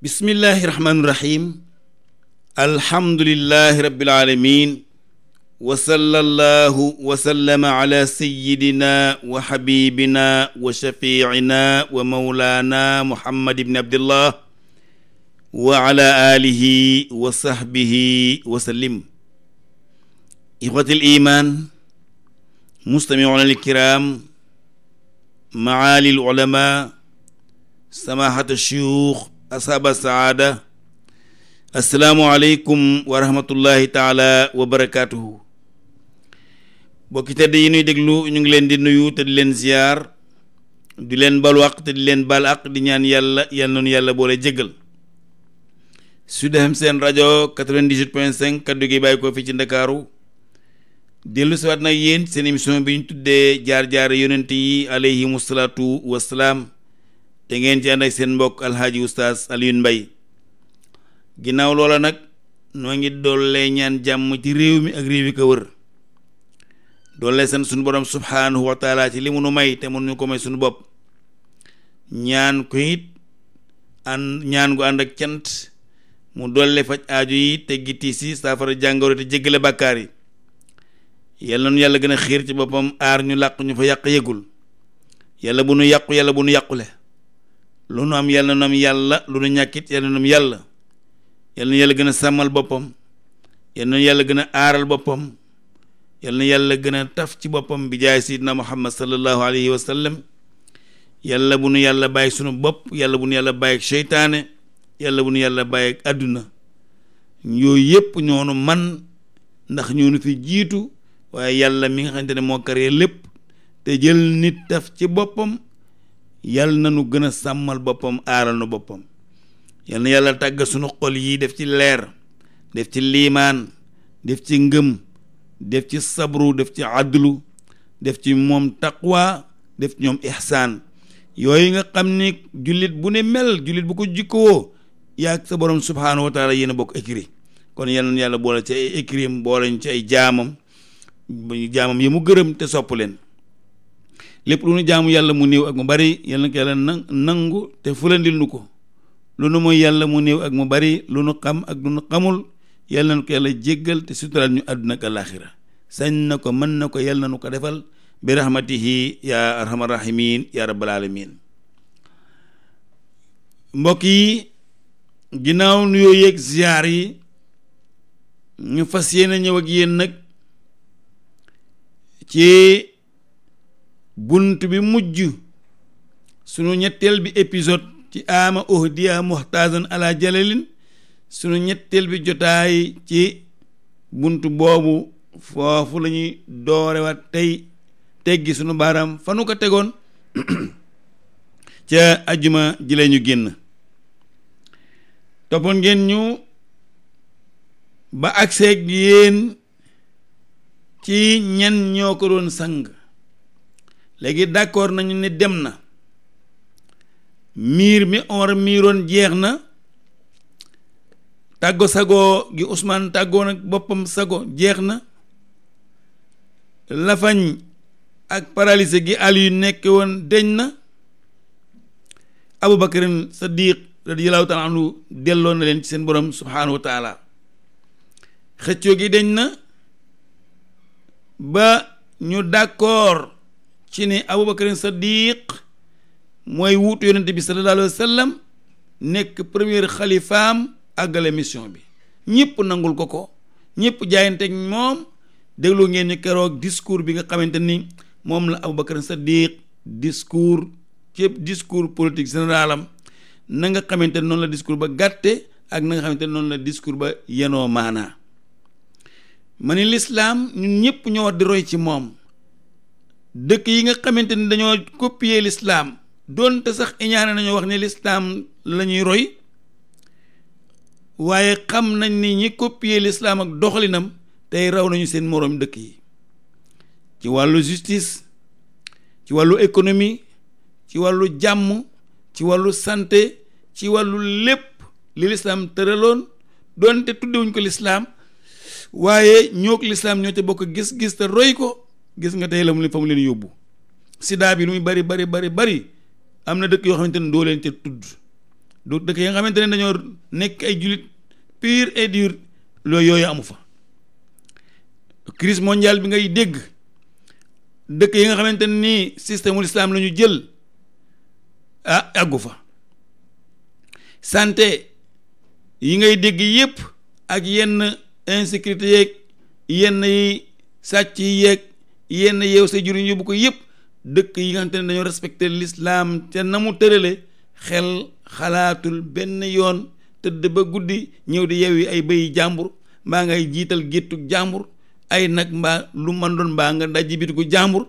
bismillahi rahmaani rahim alhamdulillahi rabbil aalamiin wa sallallahu wa sallama ala sayyidina wa xabibina wa shafiicina wa mawlaana muhammad ibn abdillah wa ala alihi wa sahbihi wa sallim ixwati al iman mustamicuuna alkiram maali al ulama samahat ashuyuux asaaba saada asalaamualeykum wa rahmatullahi taala wa barakaatuhu bokki tedd yi nuy déglu ñu ngi leen di nuyu te di leen ziyaar di leen balu te di leen bal aq di ñaan yàlla yal noonu yàlla boole jéggal Sud FM seen rajo 98.5 kaddu gi bàyyi ko fii ci ndakaaru dellu siwaat nag yéen seen émission bi ñu tuddee jaar-jaar yonent yi aleyhimu salaatu wasalaam te ngeen ci ànd ak seen mbokk alxaaji oustaz Alioune mbay ginnaaw loola nag noo ngi doollee ñaan jàmm ci réew mi ak réew yi ko wër doollee seen suñu borom subhaanahu wa taala ci li mu nu may te mënuñu ko may sunu bopp ñaan ko it ñaan gu ànd ak cant mu dolle faj aaju yi te gitti si saafara jàngoro te jéggale bàkkaar yi yàlla nu yàlla gën a xiir ci boppam aar ñu làq ñu fa yàq yëgul yàlla bu nu yàqu yàlla bu nu yàqule lu nu am yàlla na nu am yàlla lu nu ñàkkit yàlla na nu am yàlla yàlla na yàlla gën a sàmmal boppam yàlla na yàlla gën a aaral boppam yàlla na yàlla gën a taf ci boppam bi jaay sidna muhammad sallallahu alayhi wa sallam yàlla bu nu yàlla bàyyi sunu bopp yàlla bu nu yàlla bàyyi seytaane yàlla bu nu yàlla bàyyi àdduna yooyu yépp ñoonu man ndax ñoonu fi jiitu waaye yàlla mi nga xamante ne moo créé lépp te jël nit taf ci boppam yal na nu gën a sàmmal boppam aaral nu boppam yal na yàlla tàgg sunu xol yi def ci leer def ci liimaan def ci ngëm def ci sabru def ci adlu def ci moom taqwa def ci ñoom ihsaan yooyu nga xam ni jullit bu ne mel jullit bu ko jikkoo yaa ak sa borom subhaanahu wa taala yéen bokk écrit kon yal na yàlla boole ci ay écrim boole ñu ci ay jaamam jaamam yi mu gërëm te sopp leen lépp lu nu jaamu yàlla mu néew ak mu bari yàlla na ko yàlla nangu te fulandil ko lu nu mooy yàlla mu néew ak mu bari lu nu xam ak lu nu xamul yàlla na ko yàlla jéggal te suturaal ñu àdduna ak alaaxira sañ na ko mën na ko yàlla na nu ko defal bi rahmatihi yaa arhamar rahimin yaa rabbal alamin mbokk yi ginnaaw nuyoo yeeg ziyaar yi ñu fas yéene ñëw ak yéen nag ci bunt bi mujj sunu ñetteel bi épisode ci ama uhdiya muhtazan ala jalalin sunu ñetteel bi jotaay ci bunt boobu foofu lañuy ñuy doorewaat tey teggi sunu baaraam fanu ko tegoon ca ajuma ji ñu génn toppoon ngeen ñu ba agseeg yéen ci ñan ñoo ko doon sang léegi d'accord nañu ne dem na miir mi Omar miiroon jeex na tàggo sago gi Ousmane tàggoon nag boppam sago jeex na lafañ ak paralise gi yu nekk woon deñ na Abubakarin Sadiq radiyallahu taala anhu delloo na leen ci seen borom subhaanahu wa taala xëccoo gi deñ na ba ñu d'accord ci ne abubakarin saddiq mooy wuutu yonente bi sallallahu alayhi sallam nekk premier xalifaam àggale mission bi ñëpp nangul ko ko ñëpp jaayanteeg moom déglu ngeen ni keroog discours bi nga xamante ni moom la abubakarin saddiq discours cépp discours politique général am na nga xamante ni noonu la discours ba gàtte ak na nga xamante ni noonu la discours ba yenoo maanaa ma ni lislaam ñun ñëpp ñoo di roy ci moom dëkk yi nga xamante ni dañoo copier lislaam doonte sax iñaane nañu wax ne lislaam la ñuy roy waaye xam nañ ni ñi copier lislaam ak doxalinam tey raw nañu seen moroom dëkk yi ci wàllu justice ci wàllu économie ci wàllu jàmm ci wàllu santé ci wàllu lépp li lislaam tëraloon doonte tuddewuñ ko lislaam waaye ñoo ko lislaam ñoo ca bokk gis-gis te roy ko gis nga tey la mu fa mu leen yóbbu sida bi lu muy bari bari bari bari am na dëkk yoo xamante ne doo leen ca tudd du dëkk yi nga xamante ne dañoo nekk ay jullit pur et dur loolu yooyu amu fa crise mondial bi ngay dégg dëkk yi nga xamante ne nii système ul islam la ñu jël ah àggu fa santé yi ngay dégg yépp ak yenn insécurité yeeg yenn yi sàcc yi yeeg yenn yeew say jur yóbbu ko yëpp dëkk yi nga xam te ne dañoo respecté l'islam te na mu tërale xel xalaatul benn yoon tëdd ba guddi ñëw di yeew yi ay bëy jàmbur mbaa ngay jiital géttu jàmbur ay nag mbaa lu man doon mbaa nga dajji bitigu jàmbur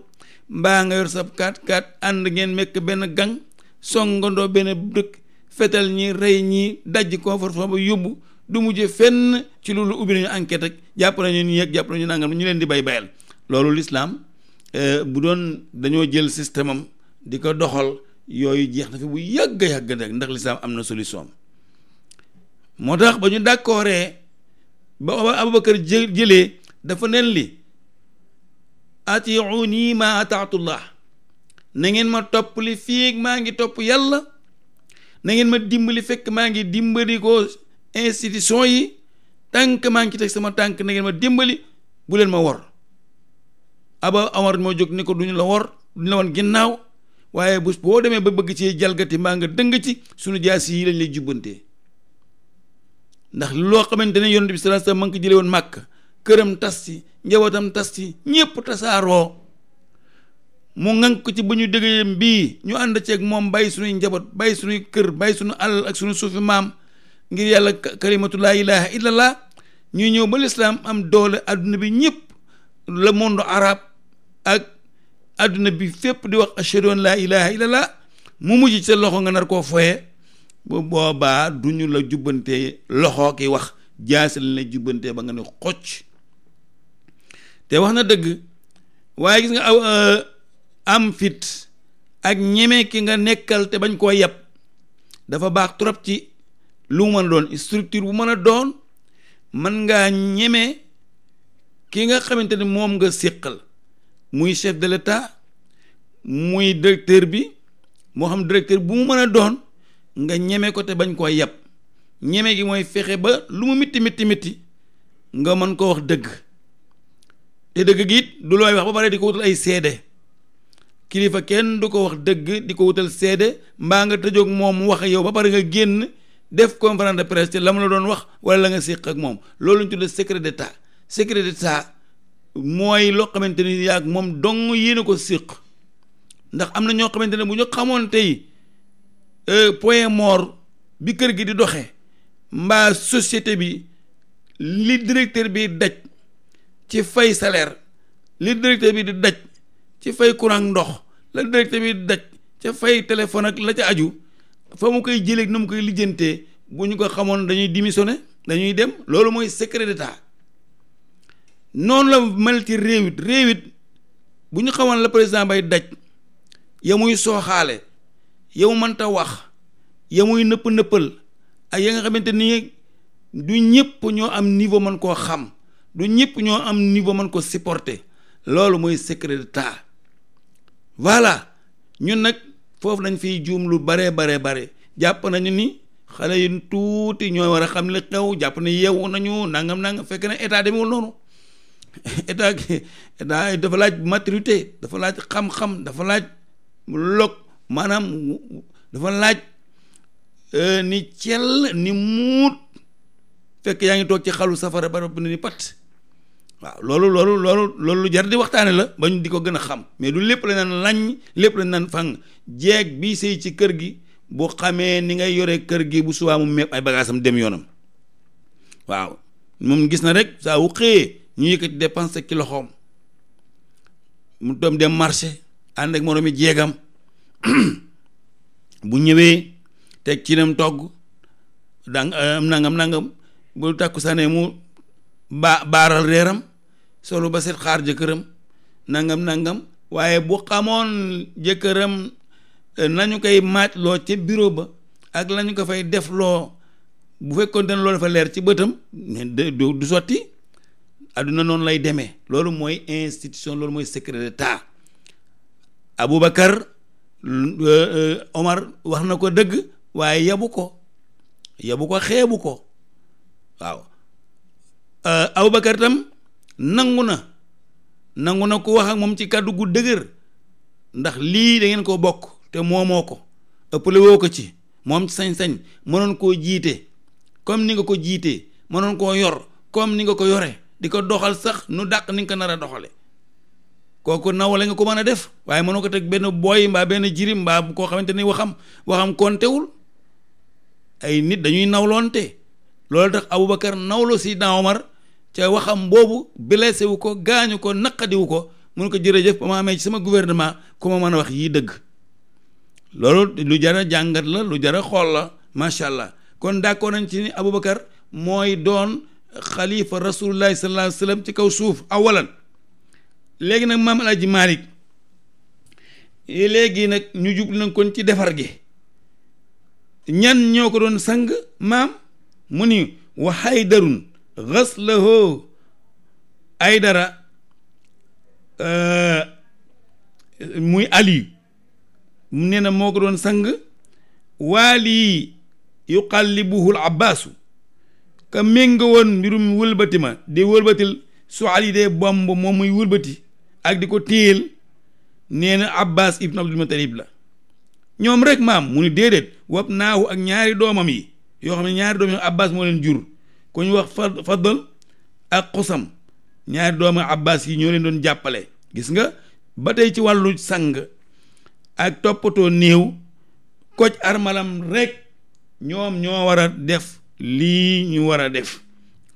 mbaa nga yor sab kaat kaat ànd ngeen mekk benn gang songandoo benn dëkk fetal ñi rey ñi dajj koofar fa ba yóbbu du mujje fenn ci lu ubbi nañu enquête ak jàpp nañu nii ak jàpp nañu nangam ñu leen di bay bayal loolu lislaam euh, bu doon dañoo jël système am di ko doxal yooyu jeex na fi bu yàgg yàgg ndax lislaam am na solution moo tax ba ñu d'accordee ba Abubakar jë jëlee dafa neen li atiuni ma ataatullah na ngeen ma topp li fii maa ngi topp yàlla na ngeen ma dimbali fekk maa ngi dimbali koo institution yi tànk maa ngi ci teg sama tànk na ngeen ma dimbali bu leen ma wor aba amar moo jóg ni ko duñu la wor duñu la woon ginnaaw waaye bu boo demee ba bëgg ci jalgati mbaa nga dëng ci suñu jaas yi lañ lay jubbante ndax loo xamante ne yonent bi sallallahu alayhi wasallam ma ngi ko jëlee woon màkk këram tas ci njabootam tas ci ñépp tasaaroo mu ngank ko ci bu ñu déggee mbii ñu ànd ceeg moom bàyyi suñuy njaboot bàyyi suñuy kër bàyyi suñu alal ak suñu suufi maam ngir yàlla kalimatu laa ilaha illallah ñuy ñëw ba lislaam am doole àdduna bi ñëpp le monde ak adduna bi fépp di wax ashhadu an laa ilaha illallah mu mujj sa loxo nga nar koo foye bu boobaa du ñu la jubbante loxo ki wax jaasi la jubbante ba nga ne xoc te wax na dëgg waaye gis nga aw euh, am fit ak ñeme ki nga nekkal te bañ koo yab dafa baax trop ci lu mu mën doon structure bu mën a doon man ngaa ñeme ki nga xamante ni moom nga séqal muy chef de l'État muy directeur bi moo xam directeur bu mu mën a doon nga ñeme ko te bañ koo yàpp ñeme gi mooy fexe ba lu mu mitti mitti mitti nga mën koo wax dëgg te dëgg gi it du looy wax ba pare di ko wutal ay seede kilifa kenn du ko wax dëgg di ko wutal seede mbaa nga tëjoog moom mu wax yow ba pare nga génn def conférence de presse te la mu la doon wax wala la nga séq ak moom loolu ñu tudde secret d'état secret d'état mooy loo xamante ni yaag moom dong yéen ko séq ndax am na ñoo xamante ne bu ñu xamoon tey euh, point mort bi kër gi di doxe mbaa société bi li directeur bi daj ci fay salaire li directeur bi di daj ci fay courant ndox la directeur bi di ca fay téléphone ak la ca aju fa mu koy jëlee nu mu koy lijjantee bu ñu ko xamoon dañuy démissionner dañuy dem loolu mooy secret d'état noonu la mel ci réewit réewit bu ñu xamoon la président bay daj ya muy sooxaale ya mu manta wax ya muy nëpp nëppal ak ya nga xamante ni du ñëpp ñoo am niveau mën ko xam du ñëpp ñoo am niveau mën ko supporter loolu mooy secret d'état voilà ñun nag foofu nañ fiy juum lu baree bare bare jàpp nañu ni xale yi tuuti ñoo war a xam li xew jàpp ne yeewu nañu nangam nangam fekk na état demewul noonu état état dafa laaj maturité dafa laaj xam-xam dafa laaj log maanaam dafa laaj euh, ni cell ni muut fekk yaa ngi toog ci xalu safara ba ne ni pat waaw loolu loolu loolu loolu jar di waxtaane la ba ñu di ko gën a xam mais du lépp la naan lañ lépp la naan fang jeeg bi sëy ci kër gi bu xamee ni ngay yore kër gi bu subaa mu meeb ay bagaasam dem yoonam waaw moom gis na rek saa wu xëyee ñu yëkkati dépense ci loxoom mu doom dem marché ànd ak moroomi jeegam bu ñëwee teg ci nam togg dang am nangam nangam bu tàkkusaanee mu ba baaral reeram solo ba set xaar jëkkëram nangam nangam waaye bu xamoon jëkkëram eh, nañu koy maaj loo ca bureau ba ak lañu ko fay def loo bu fekkoon ne loolu dafa leer ci bëtam du sotti adduna noonu lay demee loolu mooy institution loolu mooy secret d'état Aboubacar euh, euh, Omar wax na ko dëgg waaye yabu ko yabu ko xeebu ko waaw euh, Aboubacar tam nangu na nangu na ko wax ak moom ci kàddu gu dëgër ndax lii da ngeen ko bokk te moomoo ko ëppale woo ko ci moom sañ-sañ mënoon koo jiite comme ni nga ko jiitee mënoon koo yor comme ni nga ko yore di ko doxal sax nu dàq ni nga ko nar a doxale kooku naw lañ ko mën a def waaye mënoo ko teg benn booy mbaa benn jirim mbaa koo xamante ni waxam waxam kontewul ay nit dañuy nawloonte loolu tax Aboubacar nawlo Sidna Omar ca waxam boobu blessé wu ko gaañu ko naqadiwu ko mun ko jërëjëf ba ma amee ci sama gouvernement ku ma mën a wax yii dëgg lu jar a jàngat la lu jar a xool la macha allah kon d'accord ci ni Aboubacar mooy doon xalifa rasulullahi sallallahu alayhi ci kaw suuf awalan léegi nag maam alaaji Malick léegi nag ñu jublu nañ kon ci defar gi ñan ñoo ko doon sang maam mu ni wa xaydarun ay dara euh, muy aliyu mu nee na moo ko doon sang waali yuqallibuhu al abbaasu ka ménga mbirum wëlbati ma di wëlbatil su ali dee bomb moom muy wëlbati ak di ko téyel nee na abbas ibn abdul mutalib la ñoom rek maam mu ni déedéet wab naahu ak ñaari doomam yi yoo xam ne ñaari doom yi abbas moo leen jur ku ñu wax faddal ak xusam ñaari doomu abbas yi ñoo leen doon jàppale gis nga ba tey ci wàllu sang ak toppatoo néew koj armalam rek ñoom ñoo war a def lii ñu war a def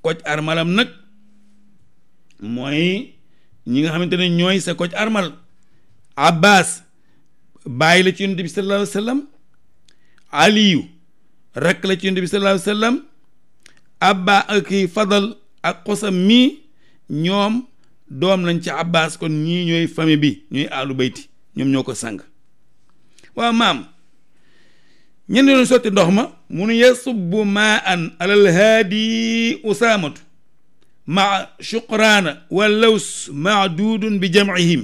koj armalam nag mooy ñi nga xamante ne ñooy sa koc armal abbas bàyyi la ci yonent bi sallallahu alayhi aliyu rakk la ci yonent bi sallallahu alayhi wa sallam ak fadal ak xosam mii ñoom doom lañ ci abbas kon ñii ñooy famille bi ñooy alu ñoom ñoo ko sang waaw maam ñen doon sotti ndox ma mun yasubbu maa an alal haadi usaamatu ma shuqraana wa laws maadudun bi jamcihim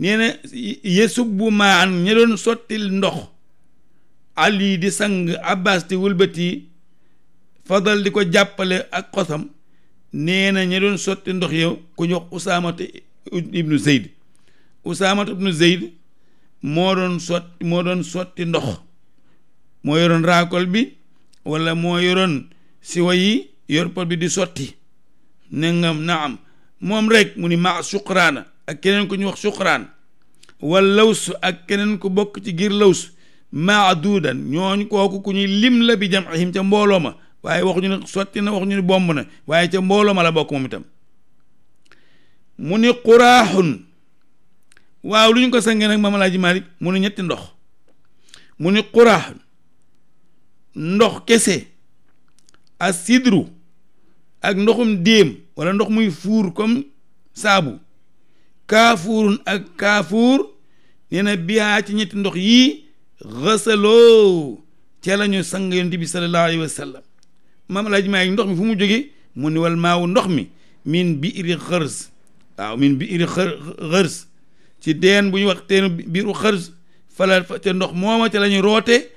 nee na yasubbu maa an ña doon sottil ndox ali di sang abbas di wëlbati fadal di ko jàppale ak xosam nee na ña doon sotti ndox yow ku ñu wax ibnu zeyd usaamatu ibnu zeyd moo doon sotti moo doon sotti ndox moo yoroon raakol bi walla moo yoroon siwa yi yor bi di sotti nangam naam moom rek mu ni ma suqraana ak keneen ku ñu wax suqraan wal laws ak keneen ku bokk ci giir laws maa duudan ñooñ kooku ku ñuy lim la bi jam'ihim ca mbooloo ma waaye waxuñu ne sotti na wax ñu ne bomb na waaye ca mbooloo ma la bokk moom itam mu ni quraaxun waaw lu ñu ko sangee nag mamalaaji Malik mu ni ñetti ndox mu ni quraaxun ndox kese ak sidru ak ndoxum déem wala ndox muy fuur comme saabu kaafuurun ak kaafuur nee na biyaa ci ñetti ndox yii xasaloo ca la ñu sang yonent bi sallallahu alayhi wa maam alaaji maa ngi ndox mi fu mu jóge mu ni wal maawu ndox mi miin bi iri xërs waaw min bi xërs ci teen bu ñu wax teen biiru xërs fala ca ndox mooma ca lañu roote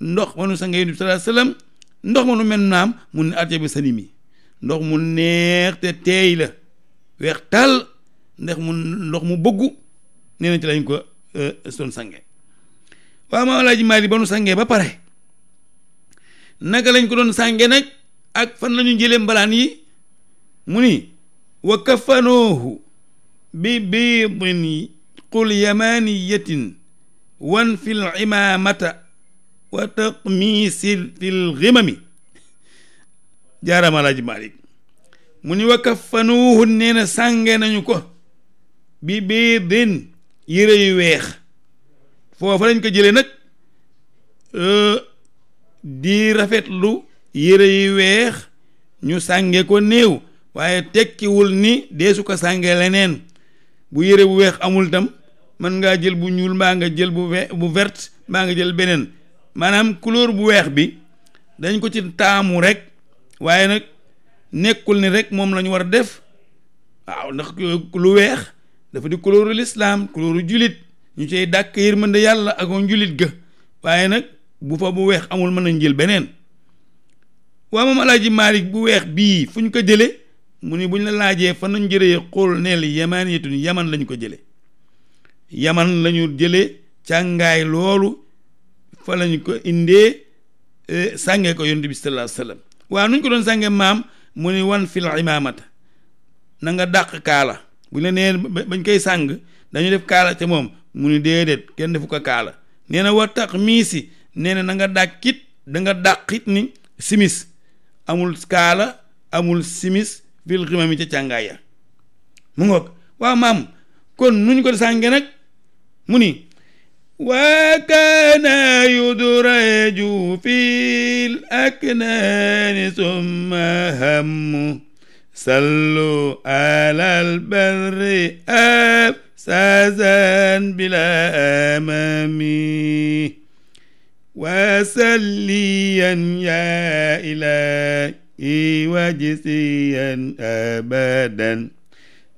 ndox manu sa nga yonent bi sallallahu alayhi wasallam ndox manu mel naam mun ne arja bi sanimi ndox mu neex te teey la weex tàll ndax mu ndox mu bëggu nee na ci lañ ko son euh, sange waaw ma alaaji maali ba nu sangee ba pare naka lañ ko doon sànge nag ak fan lañu ñu jëlee mbalaan yi mu ni wa kafanoohu bi biidin qul yamaniyatin wan fil imamata wa taqmiisil fil ghimami jaarama Alaaji Maalik mu ni wa kaffanuuhu nee na sànge nañu ko bi biidin yére yu weex foofa lañ ko jëlee nag euh, di rafetlu yére yu weex ñu sànge ko néew waaye tekkiwul ni deesu ko sànge leneen bu yére bu weex amul tam mën ngaa jël bu ñuul mbaa nga jël bu bu mbaa nga jël beneen maanaam couleur bu weex bi dañ ko ci taamu rek waaye nag nekkul ni rek moom lañu war a def waaw ndax lu weex dafa di couleuru lislaam couleuru julit ñu cey mën yërmande yàlla ako njulit ga waaye nag bu fa bu weex amul mën nañ jël beneen waa moom alaaji Malick bu weex bii fu ñu ko jële mu ni bu ñu la laajee fan nañ jëree xool neel yamaniyatun yaman lañ ko jële yaman lañu jële càngaay loolu fa lañ ko indee eh, sàngee ko yonent bi sallallahu alayhi wa sallam nuñ ko doon sàngee maam mu ni wan fil imaamata na nga dàq kaala bu la nee bañ koy sàng dañu def kaala ca moom mu ni déedéet kenn defu ko kaala nee na war tax miisi nee na na dàqit da nga dàqit ni simis amul kaala amul simis fil ximami ca càngaaya mu ngoog waaw maam kon nuñ ko sànge nag mu ni وكان يدرج في الأكنان ثم همه صلوا على البر أبسازا بلا أمام وسليا يا إلهي وجسيا أبدا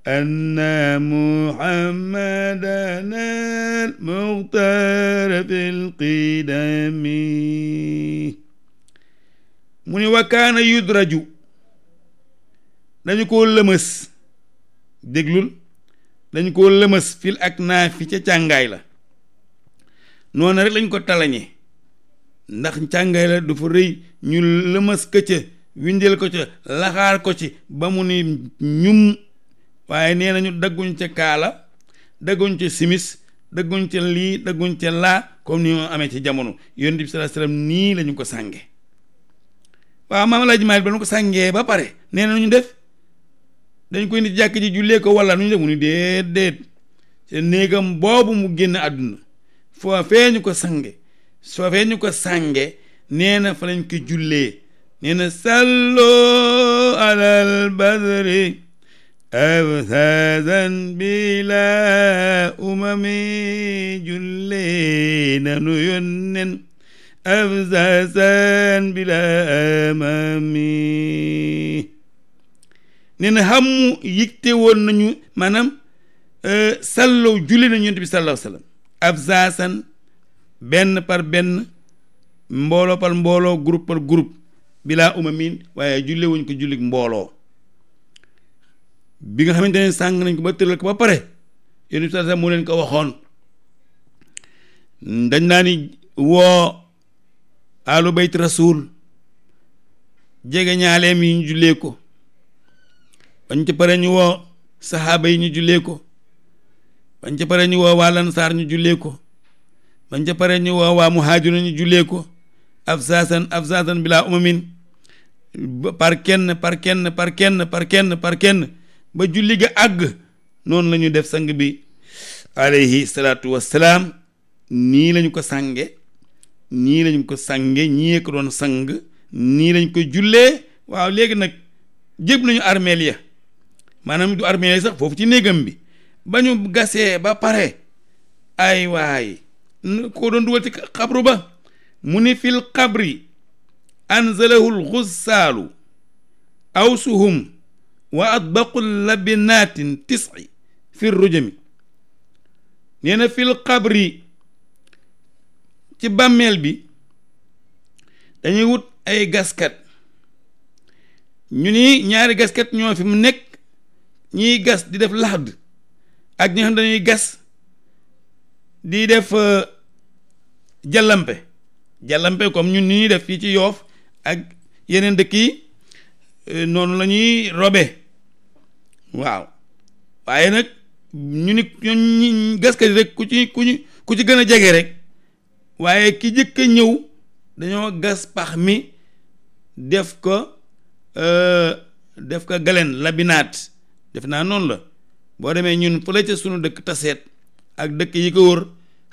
anna muhammadan al-muxtaar fil qidami mu ni wa kaana dañu koo lëmës déglul dañu koo lëmës fil ak naafi ca càngaay la noonu rek lañ ko talañe ndax càngaay la dafa rëy ñu lëmës ko ca ko ca laxaar ko ci ba mu ni ñum waaye nee nañu dëgguñ ca kaala dëgguñ ca simis dëgguñ ca lii dëgguñ ca laa comme ni amee ci jamono yon bi sallallahu alayhi nii la ko sànge waaw maam Alaaji Maalik ba ñu ko sàngee ba pare nee na ñu def dañ ko nit jàkk ji jullee ko wala nu ñu def mu ni déet déet te néegam boobu mu génn àdduna foofee ñu ko sange foofee ñu ko sànge nee na fa lañ ko jullee nee na salloo alal badri awsaasan bila umami jullee nanu yonnen awsaasan bila amami nee na xamu yëgte woon nañu maanaam sallow julli nañu yonent bi sallallahu alayhi wasallam awsaasan benn par benn mbooloo par mbooloo groupe par groupe bila umamin waaye julle wuñ ko jullik mbooloo bi nga xamante ne sàng nañ ko ba tëral ko ba pare yéen bi sax moo leen ko waxoon dañ naa woo alu bayt rasul jege ñaaleem yi ñu jullee ko bañ ca pare ñu woo saxaaba yi ñu jullee ko bañ ca pare woo waa lansaar ñu jullee ko bañ ca ñu woo waa muhaajiruna ñu jullee ko afsaasan afsaasan bilaa umamin par kenn par kenn par kenn par kenn par kenn ba julli ga àgg noonu lañu def sang bi aleyhi salaatu wassalaam nii lañu ko sànge nii lañu ko sange ñii ko doon sang nii lañ ko jullee waaw léegi nag jéb nañu armeel ya maanaam du armeel ya sax foofu ci néegam bi ba ñu gasee ba pare ay waay koo doon dugal ci xabru ba mu ni fil xabri anzalahul xussaalu awsuhum waa wa adbaqu labinaatin tisi fi rujami nee na fil xabri ci bàmmeel bi dañuy wut ay gaskat ñu ni ñaari gaskat ñoo fi mu nekk ñiy gas di def laxd ak ñi xam dañuy gas di def euh, jallampe jallampe comme ñun ni ñuy def fii ci yoof ak yeneen dëkk yi euh, noonu lañuy robe waaw waaye nag ñu ni ñi gaskat yi rek ku ci ku ci ku ci gën a jege rek waaye ki jëkk a ñëw dañoo gas pax mi def ko euh, def ko galen labinaat def naa noonu la boo demee ñun fële ca sunu dëkk taseet ak dëkk yi ko wër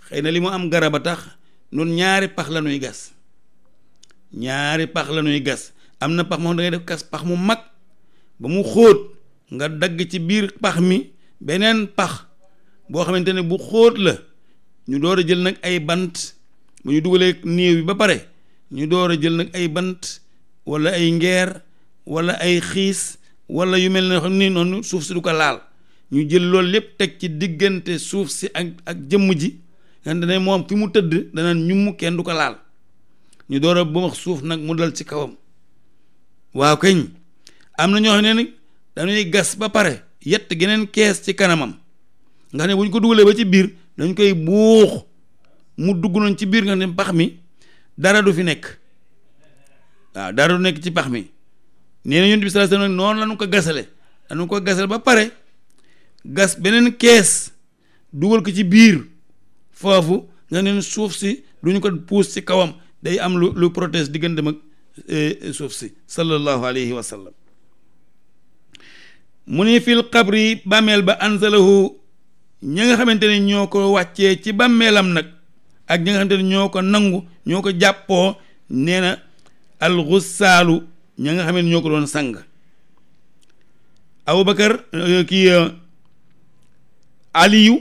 xëy na li mu am garab a tax noon ñaari pax la ñuy gas ñaari pax la ñuy gas am na pax moo xam def gas pax mu mag ba mu xóot nga dagg ci biir pax mi beneen pax boo xamante ne bu xóot la ñu door a jël nag ay bant bu ñu dugalee néew bi ba pare ñu door a jël nag ay bant wala ay ngeer wala ay xiis wala yu mel ne xam ni noonu suuf si du ko laal ñu jël loolu lépp teg ci diggante suuf si ak ak jëmm ji xamante ne moom fi mu tëdd danaan ñum kenn du ko laal ñu door a ba suuf nag mu dal ci kawam waaw kañ am na ñoo xam dañuy gas ba pare yett geneen kees ci kanamam nga xam ne bu ñu ko dugalee ba ci biir dañ koy buux mu dugg noonu ci biir nga ne pax mi dara du fi nekk waaw dara du nekk ci pax mi nee na yonent bi sallallahu alayhi wasallam noonu lañu ko gasale dañu ko gasale ba pare gas beneen kees dugal ko ci biir foofu nga suuf si duñu ko puus ci kawam day am lu lu protège diggante mag eh, suuf si sallallahu alayhi wa sallam mu ni fil xabri bàmmeel ba anzalahu ñi nga xamante ni ñoo ko wàccee ci bàmmeelam nag ak ñi nga xamante ne ñoo ko nangu ñoo ko jàppoo neena na alxussaalu ñi nga xam ñoo ko doon sang abubakar euh, kii euh, aliyu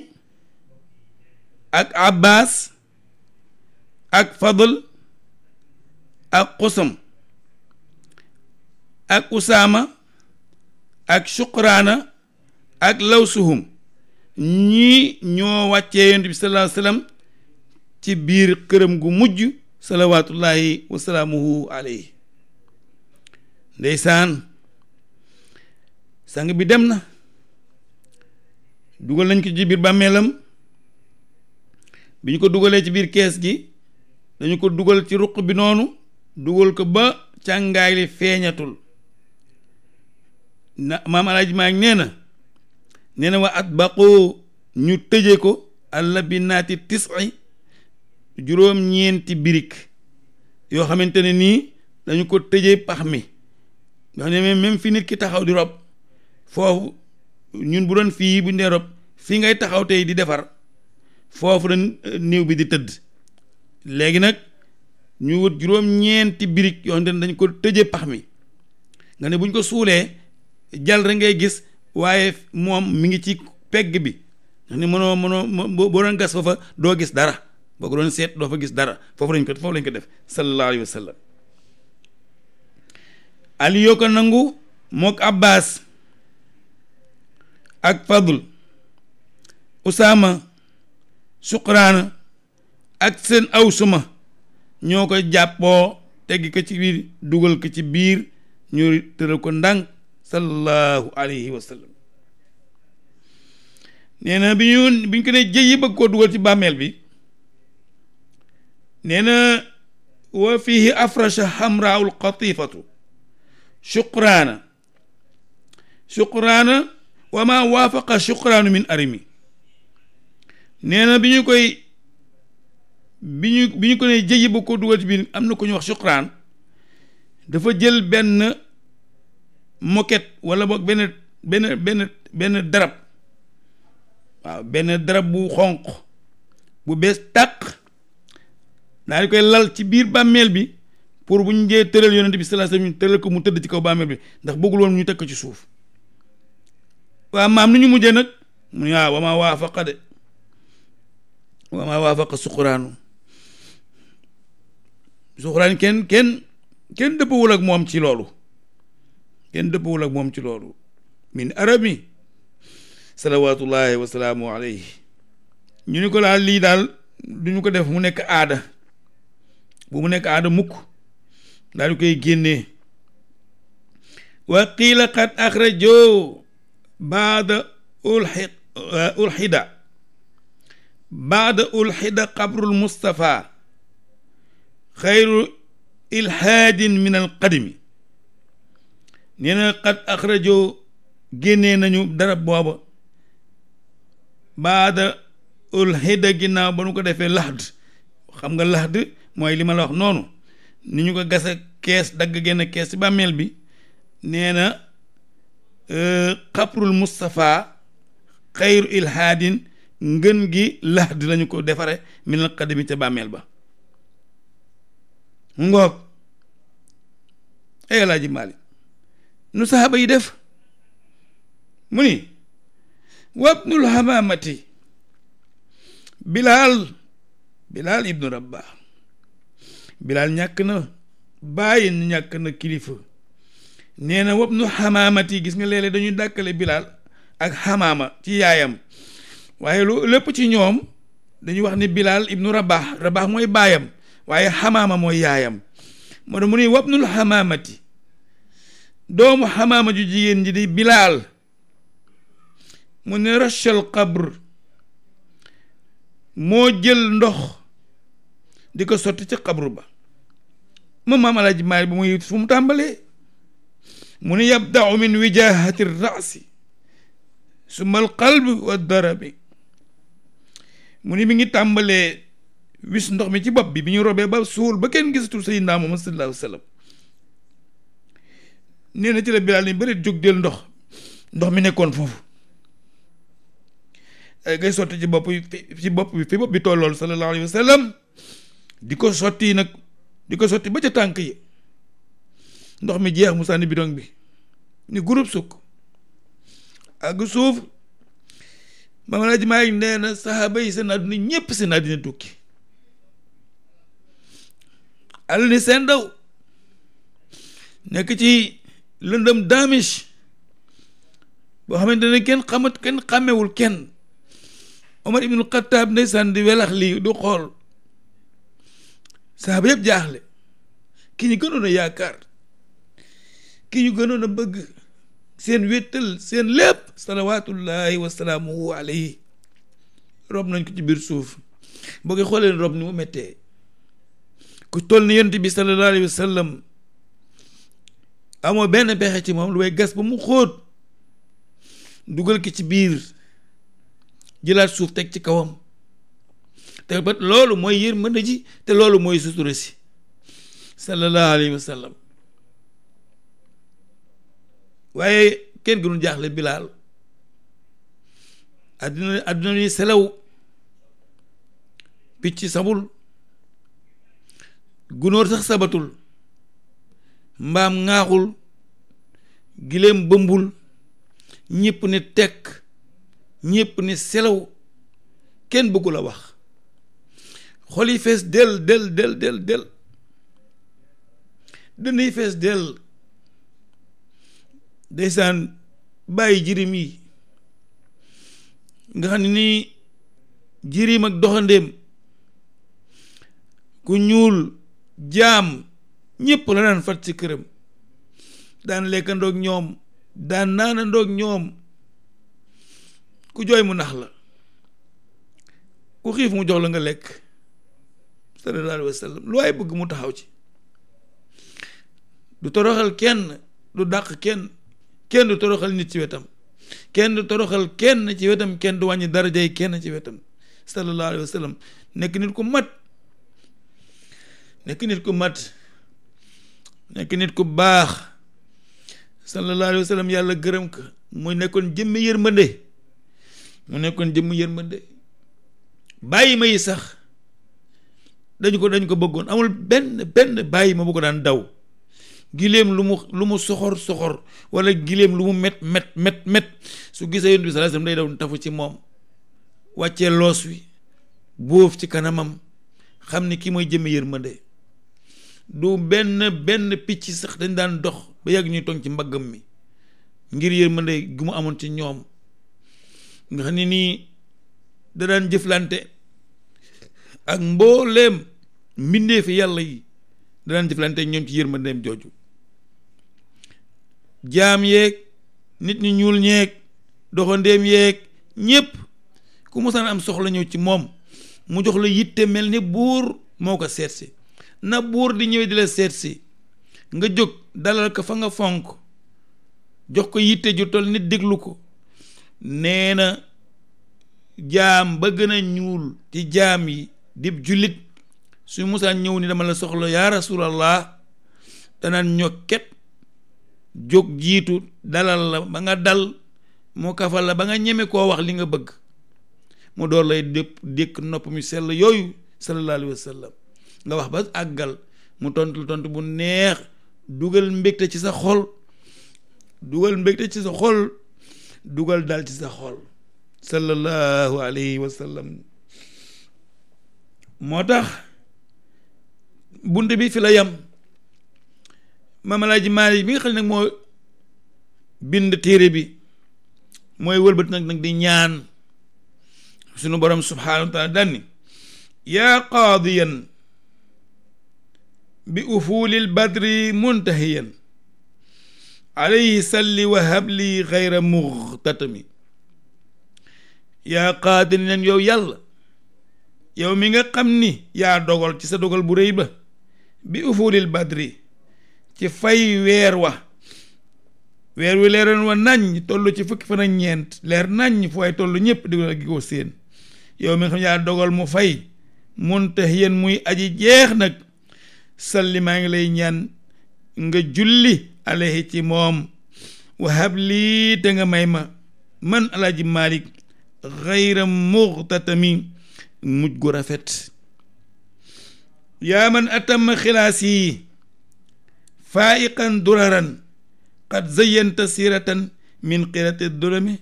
ak abbas ak fadl ak xusam ak usaama ak suqraana ak lawsuhum ñii ñoo wàccee yonent bi sallallahu ci biir këram gu mujj salawaatullahi wa salaamuhu alayhi ndeysaan sang bi dem na dugal nañ ko ci biir bàmmeelam bi ñu ko dugalee ci biir kees gi dañu ko dugal ci ruq bi noonu dugal ko ba càngaay li feeñatul na maam alaaji maa ngi nee na nee na wa at baqoo ñu tëje ko àlla bi naati tisi juróom-ñeenti birig yoo xamante ne nii dañu ko tëje pax mi nga xam même fi nit ki taxaw di rob ñun bu doon fii bu ñu fii ngay taxaw tey di defar foofu la néew bi di tëdd léegi nag ñu wut juróom-ñeenti birig yoo dañ ko tëjee pax mi nga ne bu ñu ko suulee jal rek ngay gis waaye moom mi ngi ci pegg bi ndax ni mënoo mënoo boo doon gas foofa doo gis dara boo ko doon seet doo fa gis dara foofu lañ ko foofu ko def sallallahu alayhi wa sallam ali yoo ko nangu mook abbas ak fadl usama suqraana ak seen aw suma ñoo ko jàppoo tegg ko ci biir dugal ko ci biir ñu tëral ko ndànk sallallahu alayhi wa sallam nee na bi ñu bi ñu ko ne jëyi bëgg koo dugal ci bàmmeel bi nee na wa fihi afrasha hamraul qatifatu shuqraana shuqraana wa ma waafaqa shuqraanu min arimi nee na bi ñu koy bi ñu ko ne jëyi bëgg koo dugal ci biir am na ko ñu wax shuqraan dafa jël benn moquette wala boog benn benn benn benn darab waaw benn darab bu xonq bu bees tàq daal di koy lal ci biir bàmmeel bi pour bu ñu jee tëral yonent bi sallallahu alayhi wasallam tëral ko mu tëdd ci kaw bàmmeel bi ndax bëggul woon ñu teg ci suuf waaw maam nu ñu mujjee nag mu waaw ah, wamaa waafaqa de wamaa waafaqa suquraanu suquraan kenn kenn kenn dëppawul ak moom ci loolu kenn dëppwul ak moom ci loolu min arami salawatullahi wasalaamu alayhi ñu ni ko la lii daal duñu ko def mu nekk aada bu mu nekk aada mukk daal di koy génnee wa qiila qad axrajo baada ulxi uh, ulxida baada ulxida qabrul mustafa xayru min alqadimi nee na xat axrajo génnee nañu darab booba baada ul xida ginnaaw ba nu ko defee laxd xam nga laxd mooy li ma la wax noonu nu ñu ko gasa kees dagg genn kees ci bàmmeel bi nee na euh, xaprul Moustapha xayru ilhaadin ngën gi laxd lañu ko defaree min al qadami bàmmeel ba ngoog ee laa ji nu sahaaba yi def mu ni wabnul hamamati bilaal bilaal ibnu rabba bilaal ñàkk na bàyyi ñàkk na kilifa nee na wabnu xamaamati gis nga léeg dañuy dàkkale bilaal ak xamaama ci yaayam waaye lu lépp ci ñoom dañuy wax ni bilaal ibnu rabaax rabaax mooy baayam waaye xamaama mooy yaayam moo tax mu ne wabnul xamaamati doomu xamaama ju jigéen ji di bilaal mu ne rachal qabr moo jël ndox di ko sotti ci qabru ba moom maam alaaji maali bu muy fu mu tàmbalee mu ne yabdau min wijahati raasi summa al qalbi wa darabi mu ne mi ngi tàmbalee wis ndox mi ci bopp bi bi ñu robee ba suul ba kenn gisatul sayyidina Muhammad sallallahu alayhi wa sallam nee na ci la bilaal ni bëri jóg del ndox ndox mi nekkoon foofu ngay sotti ci bopp ci bopp bi fi bopp bi tollool sallallahu alayhi wa sallam di ko sotti nag di ko sotti ba ca tànk yi ndox mi jeex mu sànni bidong bi ni groupe sukk ak suuf ma laa ji maa ngi nee na saxaaba yi seen àdduna ñépp seen àdduna tukki àll ni seen daw nekk ci lëndëm daamish boo xamante ne kenn xamat kenn xàmmewul kenn Omar ibnul Xattaab ndeysaan di welax lii du xool saaba yëpp jaaxle ki ñu gënoon a yaakaar ki ñu gënoon a bëgg seen wéttal seen lépp salawaatullahi wasalaamuhu alayhi rob nañ ko ci biir suuf boo ko xoolee rob ni mu méttee ku toll ni yonent bi sallallahu alayhi amoo benn pexe ci moom lu may gas ba mu xóot dugal ki ci biir jëlaat suuf teg ci kawam te ba loolu mooy yërmande ji te loolu mooy sutura si sallallahu alayhi wa waaye kenn gënu jaaxle bilaal adduna adduna ñuy selaw picc sabul gunóor sax sabatul mbaam ŋaaxul giléem bëmbul ñépp ni tek ñëpp ni selaw kenn bëggu la wax xol yi fees del del del del del dënd yi fees del ndeysaan bàyyi jirim yi nga xam ne nii jirim ak doxandéem ku ñuul jaam ñépp la daan fat ci këram daan lekkandoog ñoom daan ndoog ñoom ku jooy mu nax la ku xiif mu jox la nga lekk sallallahu alayhi wa lu waay bëgg mu taxaw ci du toroxal kenn du dàq kenn kenn du toroxal nit ci wetam kenn du toroxal kenn ci wetam kenn du wàññi darajay kenn ci wetam sallallahu alayhi wa nekk nit ku mat nekk nit ku mat nekk nit ku baax sallallahu alayhi wa yàlla gërëm ko mu nekkoon jëmm yërmande mu nekkoon jëmm yërmande bàyyi ma yi sax dañ ko dañ ko bëggoon amul benn benn bàyyi ma bu ko daan daw giléem lu mu lu mu soxor soxor wala giléem lu mu met met met met su gisee yonent bi sallallahu alayhi day daw tafu ci moom wàcce loos wi bóof ci kanamam xam ni ki mooy jëmm yërmande du benn benn picc sax dañ daan dox ba yàgg ñuy tong ci mbaggam mi ngir yërmande gu mu amoon ci ñoom nga xam ne nii da daan jëflante ak mbooleem mbindeefi yàlla yi da daan jëflante ñoom ci yërmandeem jooju jaam yeeg nit ñi ñuul ñeeg doxandeem yeeg ñépp ku mosaan am soxla ñëw ci moom mu jox la yitte mel ni buur moo ko seetsi na buur di ñëwee di la seet si nga jóg dalal ko fa nga fonk jox ko yitte ju toll nit déglu ko nee na jaam ba gën a ñuul ci jaam yi dib jullit su musaan ñëw ni dama la soxla yaa rasulallah danaan ñokket jóg jiitu dalal la ba nga dal mu kafal la ba nga ñeme koo wax li nga bëgg mu door lay dépp dékk nopp mi sell yooyu sallallahu alayhi wa nga wax ba àggal mu tontu tontu bu neex dugal mbégte ci sa xol dugal mbégte ci sa xol dugal dal ci sa xol sallallahu alayhi wa sallam moo tax bunt bi fi la yem mamalaaji maali bi nga xam nag moo bind téere bi mooy wëlbati nag nag di ñaan sunu borom subhaanahu wa taala yaa qaadiyan bi ufuulil badri muntahiyan alayhi salli wa habli xayra muxtatami yaa qaadin leen yow yàlla yow mi nga xam ni yaa dogal ci sa dogal bu rëy ba bi ufuulil badri ci fay weer wa weer wi leeroon wa naññ toll ci fukki fan ñeent leer nàññ fu waay toll ñëpp digal gi ko séen yow mi nga xam yaa dogal mu fay muntahiyan muy aji jeex nag salli maa ngi lay ñaan nga julli alayhi ci moom wahab lii te nga may ma man alaaji malik xayra muxtatami mujj gu rafet yaa man atamma xilaas yi faa'iqan duraran qad zayyanta siratan min qirati durami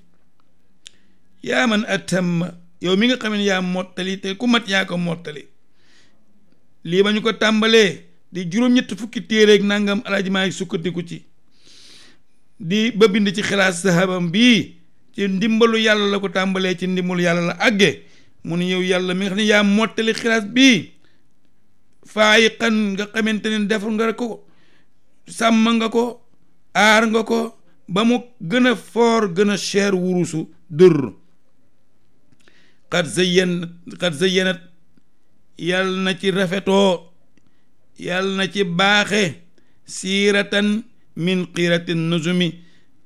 yaa man atamma yow mi nga xam ne yaa mottali te ku mat yaa ko mottali lii ba ñu ko tàmbalee di juróom-ñett fukki téereeg nangam alaaji maa ngi sukkandiku ci di ba bind ci xilaas sahabam bii ci ndimbalu yàlla la ko tàmbalee ci ndimbalu yàlla la àggee mu ne yow yàlla mi nga xam ne yaa mottali xilaas bii faayi xan nga xamante ne defar nga ko sàmm nga ko aar nga ko ba mu gën a foor gën a cher wurusu dër xat zayyan xat zayyanat yal na ci rafetoo yal na ci baaxe siiratan min xiiratin nuzumi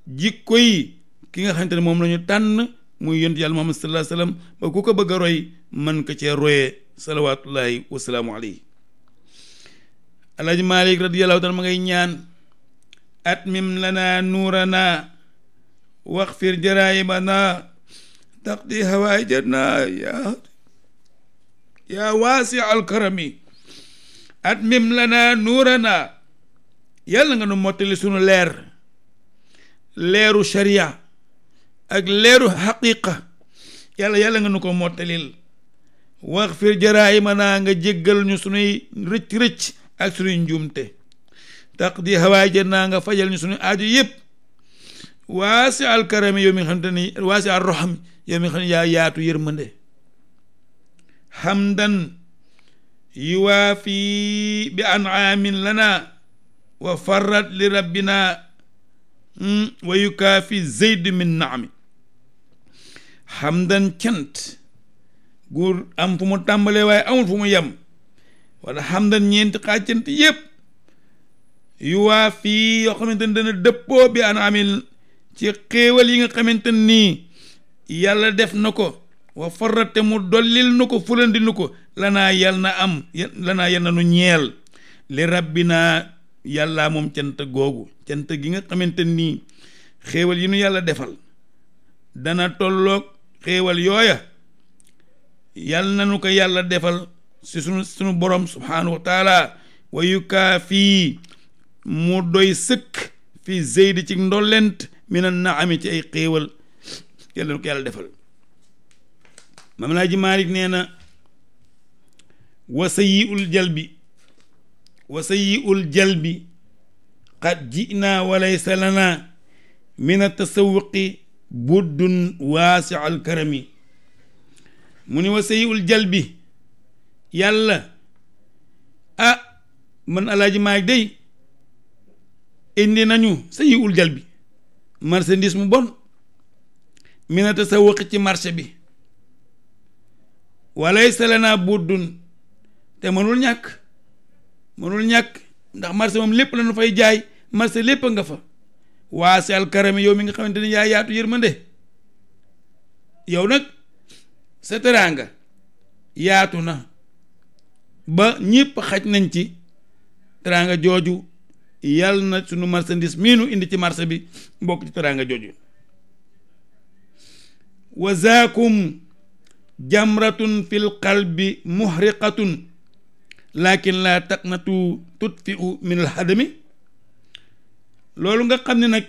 jikko yi ki nga xamante ne moom lañu tànn muy yonent yàlla muhammad sallallahu alayhi ba ku ko bëgg roy mën ko cee royee salawaatullahi wasalaamu alayhi alhaji malik radiyallahu taala ma ngay ñaan atmim lana nuurana waxfir jaraayibana taqdi hawaajana yaa yaa waasi alkarami at mim lana nuurana yàlla nga nu mottali sunu leer leeru sharia ak leeru xaqiqa yàlla yàlla nga nu ko mottalil waxfir jaraayimana nga jéggal ñu sunuy rëcc-rëcc ak sunuy njuumte taqdi hawaaja naa nga fajal ñu sunu aajo yëpp waasi alkarami yow mi nga xamante ni waasi arrahmi yow mi nga xam yaatu yërmande hamdan yuwaafi bi ancaamin lana wa farrat li rabbina hmm, wa yukaafi zeyd min naami hamdan cant guur am fu mu tàmbalee waaye amul fu mu yem wala hamdan ñeenti xaacant yépp yuwaafi yoo xamante ni dana dëppoo bi ancaamin ci xéewal yi nga xamante nii yàlla def na ko wa farrate mu dollil nu ko fulandi nu ko lanaa yal na am lanaa yal na nu ñeel li rabbinaa yàllaa moom cant googu cant gi nga xamante nii xéewal yi nu yàlla defal dana tollook xéewal yooya yal na nu ko yàlla defal si sunu sunu borom subhaanahu wa taala wa mu doy sëkk fi zeydi ci ndollent mi na naami ci ay xéewal yàlla nu ko yàlla defal maam laa ji Malick nee na wa sayyiul jalbi wa sayyiul jalbi qad jinaa wa laysa lanaa min at-tasawwuqi buddun waasiu al mu ni wa sayyiul jalbi yàlla ah man alaaji Malick day indi nañu sayyiul jalbi marchandise mu bon min at-tasawwuqi ci marché bi walaysa lana buddun te mënul ñàkk mënul ñàkk ndax marché moom lépp la lañu fay jaay marché lépp nga fa waa si alkarami yow mi nga xamante ni yaa yaatu yërmande yow nag sa teraanga yaatu na ba ñëpp xaj nañ ci teraanga jooju yàlla na sunu marchandise miinu indi ci marché bi mbokk ci teraanga jooju wa jamratun fil qalbi muhriqatun lakin la taqnatu tutfiu min al hadami loolu nga xam ne nag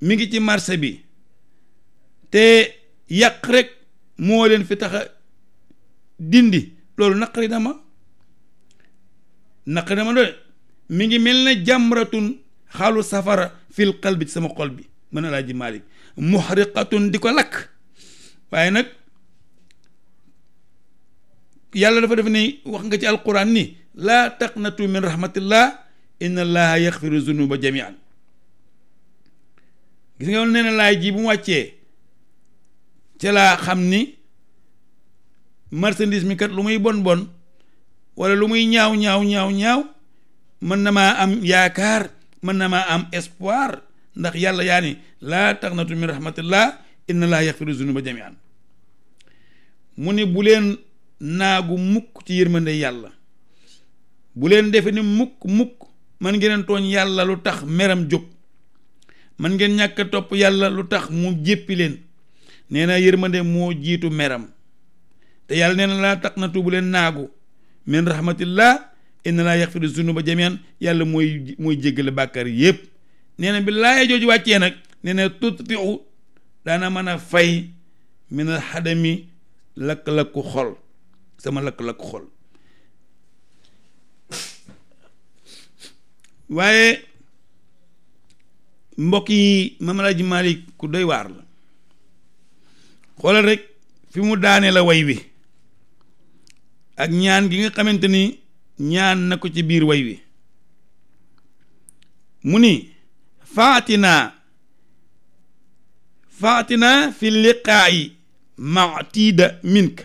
mi ngi ci marché bi te yàq rek moo leen fi tax dindi loolu naqari dama naqari dama doole mi ngi mel ne jamratun xalu safara fil qalbi sama xol bi mën a laa ji Malik di ko lakk waaye nag yàlla dafa def ni wax nga ci alquran ni laa taqnatu min rahmatillah inna allaha yaxfiru zunuba jamian gis nga nee laay ji bu mu wàccee ca laa xam ni marchandise mi kat lu muy bon bon wala lu muy ñaaw ñaaw ñaaw ñaaw mën na maa am yaakaar mën na maa am espoir ndax yàlla yaani laa taqnatu min rahmatillah inna allaha yaxfiru zunuba jamian mu ni bu leen naagu mukk ci yërmande yàlla bu leen defe ni mukk mukk man ngeen tooñ yàlla lu tax meram jóg man ngeen ñàkk topp yàlla lu tax mu jéppi leen nee na yërmande moo jiitu meram te yàlla nee laa laa na bu leen naagu min rahmatillah inna laa yaxfiru zunuba jamian yàlla mooy mooy jéggale bàkkaar yépp nee na bi laaya jooju wàccee nag nee na tuttiu daana mën a fay min alxadami lakk-lakku xol sama lakk-lakk xol waaye mbokk yi Maam Alaaji Malick ku doy waar la xoolal rek fi mu daanee la way wi ak ñaan gi nga xamante ni ñaan na ko ci biir way wi mu ni faatinaa faatinaa fi liqaayi maatiida mink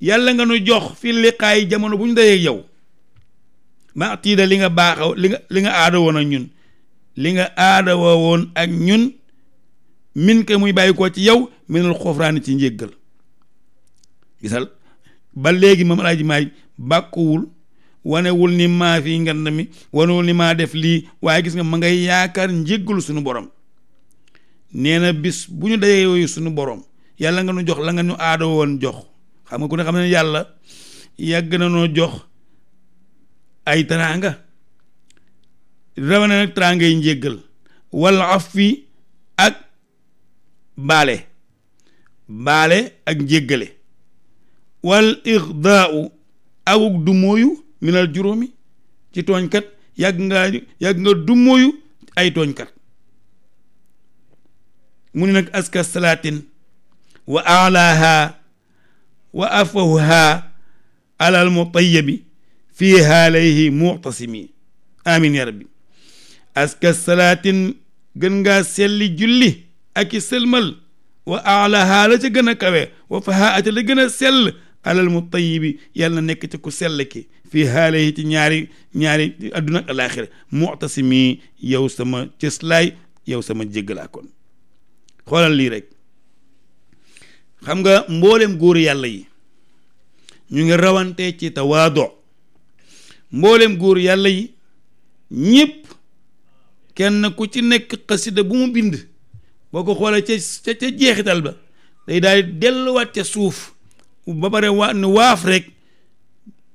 yàlla nga nu jox fi liqaay jamono bu ñu dajeeg yow ma tiida li nga baaxaw li nga li nga aada woon ak ñun li nga aada woon ak ñun min ke muy bàyyi koo ci yow minul xofraani ci njéggal gisal ba léegi moom alaaji maay bàkkuwul wanewul ni maa fii ngand mi wanewul ni maa def lii waaye gis nga ma ngay yaakaar njéggalu suñu borom nee na bis bu ñu dajee yooyu suñu borom yàlla nga nu jox la nga nu aada woon jox xam nga ku ne xam ne yàlla yàgg na noo jox ay teraanga rawe na njégal teraanga yi ak baale baale ak njégale wal ixdaau akuk du mooyu minal juróomi ci tooñkat yàgg nga yàgg nga du mooyu ay tooñkat mu ne nag aska salaatin wa alaha wa afawha alal mutayabi fi haalayhi mutasimi amin ya rabbi aska salaatin gën ngaa selli julli aki i sëlmal wa aalahaa la ca gën a kawe wa fahaati la gën a sell alal mutayibi yàlla na nekk ci ku sell ki fii haalayhi ci ñaari ñaari adduna ak alaaxira mutasimi yow sama cëslaay yow sama jéggalaa kon xoolal lii rek xam nga mbooleem góor yàlla yi ñu ngi rawante ci tawaado mboolem góor yàlla yi ñëpp kenn ku ci nekk xasida bu mu bind boo ko xoolee ca ca jeexital ba day daal di ca suuf ba pare waa ni waaf rek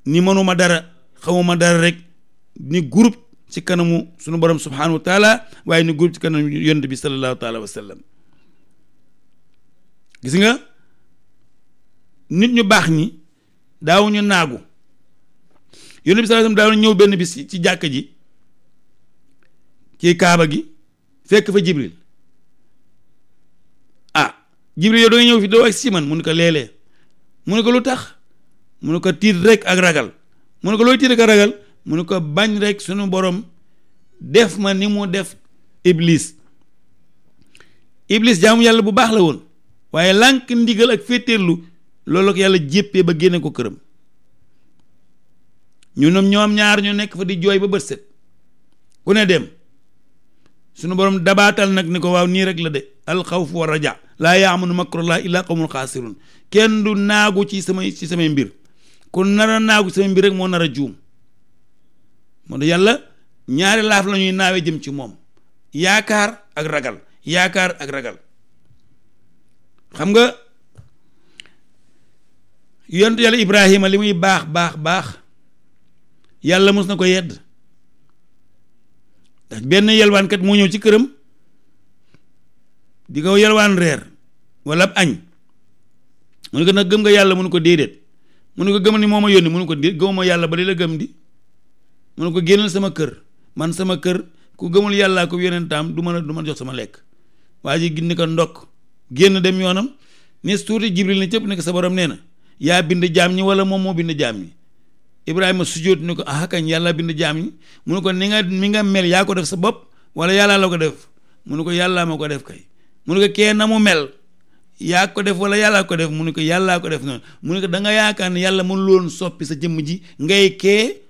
ni mënuma dara xamuma dara rek ni groupe ci kanamu sunu borom subhanahu wa taala waaye ni groupe ci kanamu yonent bi sallallahu taala wa sallam nga nit ñu baax ni daawuñu naagu yonent bi sallallahu alayhi wasallam daawuñu ñëw benn bis ci jàkk ji ci kaaba gi fekk fa jibril ah jibril yow da ñëw fi doo ak siman mu ne ko leele mu ne ko lu tax mu ne ko tiit rek ak ragal mu ne ko looy tiit rek ak ragal mu ne ko bañ rek suñu borom def ma ni mu def iblis iblis jaamu yàlla bu baax la woon waaye lànk ndigal ak féeteerlu loolu ak yàlla jéppee ba génne ko këram ñu ñunom ñoom ñaar ñu nekk fa di jooy ba bët set ku ne dem suñu borom dabaatal nag ni ko waaw nii rek la de alxawf wa raja laa yaamunu makrullah illaa qawmul xaasirun kenn du naagu ci samay ci samay mbir ku nar a naagu ci samay mbir rek moo nar a juum moo tax yàlla ñaari laaf la ñuy naawee jëm ci moom yaakaar ak ragal yaakaar ak ragal xam nga yonent yàlla ibrahima li muy baax baax baax yàlla mos na ko yedd ndax benn yelwaankat moo ñëw ci këram di ko yelwaan reer wala ab añ mu ne ko nag gëm nga yàlla mënu ko déedéet mu ne ko gëm ni moo ma yónni mu ne ko déet gëmuma yàlla ba di la gëm di mu ne ko génnal sama kër man sama kër ku gëmul yàllaa ko yonentam du mën a du mën jox sama lekk waa ji gindi ko ndokk génn dem yoonam nes tuuti jibril ne cëpp ne ko sa borom nee na yaa bind jaam ñi wala moom moo bind jaam ñi Ibrahima sujjóot ni ko ah kañ yàlla bind jaam ñi mu ne ko ni nga mi mel yaa ko def sa bopp wala yàllaa la ko def mu ne ko yàllaa ma ko def kay mu ne ko na mu mel yaa ko def wala yàllaa ko def mu ne ko yàllaa ko def noonu mu ne ko da nga yàlla mënu loon soppi sa jëmm ji ngay kee